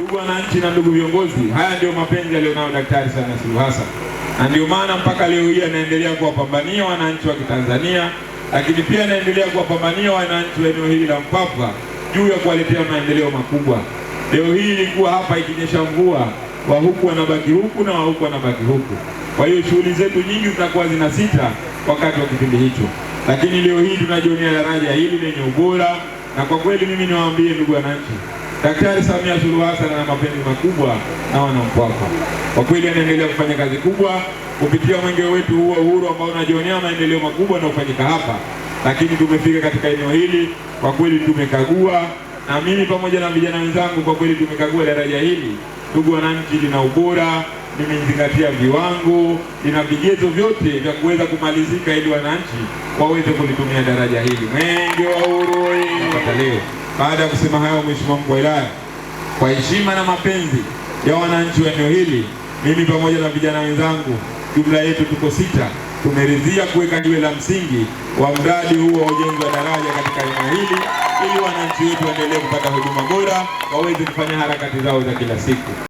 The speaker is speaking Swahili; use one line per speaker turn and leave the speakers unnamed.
Ndugu wananchi na ndugu viongozi, haya ndio mapenzi aliyonayo Daktari Samia Suluhu Hassan, na ndio maana mpaka leo hii anaendelea kuwapambania wananchi wa Kitanzania, lakini pia anaendelea kuwapambania wananchi wa eneo hili la Mpwapwa juu ya kuwaletea maendeleo makubwa. Leo hii ilikuwa hapa ikinyesha mvua, wa huku wanabaki huku na wa huku wanabaki huku. Kwa hiyo shughuli zetu nyingi zinakuwa zina sita wakati wa kipindi hicho, lakini leo hii tunajionea daraja hili lenye ubora, na kwa kweli mimi niwaambie ndugu wananchi Daktari Samia Suluhu Hassan ana mapenzi makubwa na Wanamtwapa. Kwa kweli anaendelea kufanya kazi kubwa kupitia mwenge wetu wa uhuru ambao unajionea maendeleo makubwa yanayofanyika hapa, lakini tumefika katika eneo hili kwa kweli tumekagua, na mimi pamoja na vijana wenzangu kwa kweli tumekagua daraja hili, ndugu wananchi, lina ubora, limezingatia viwango, lina vigezo vyote vya kuweza kumalizika ili wananchi waweze kulitumia daraja hili. Mwenge wa Uhuru
leo baada ya kusema hayo, Mheshimiwa mkuu wa wilaya, kwa heshima na mapenzi ya wananchi wa eneo hili, mimi pamoja na vijana wenzangu, jumla yetu tuko sita, tumeridhia kuweka jiwe la msingi wa mradi huu wa ujenzi wa daraja katika eneo hili ili wananchi wetu waendelee kupata huduma bora, waweze kufanya harakati zao za kila siku.